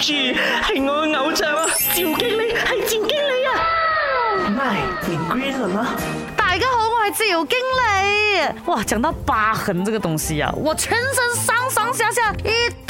住，係我嘅偶像啊！趙經理，係趙經理啊！My，你 green 了嗎？大家好，我係趙經理。哇，講到疤痕這個東西啊，我全身上上下下一。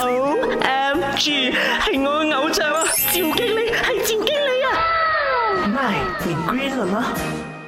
O M G，係我的偶像啊！趙經理係趙經理啊！咪變 g r e e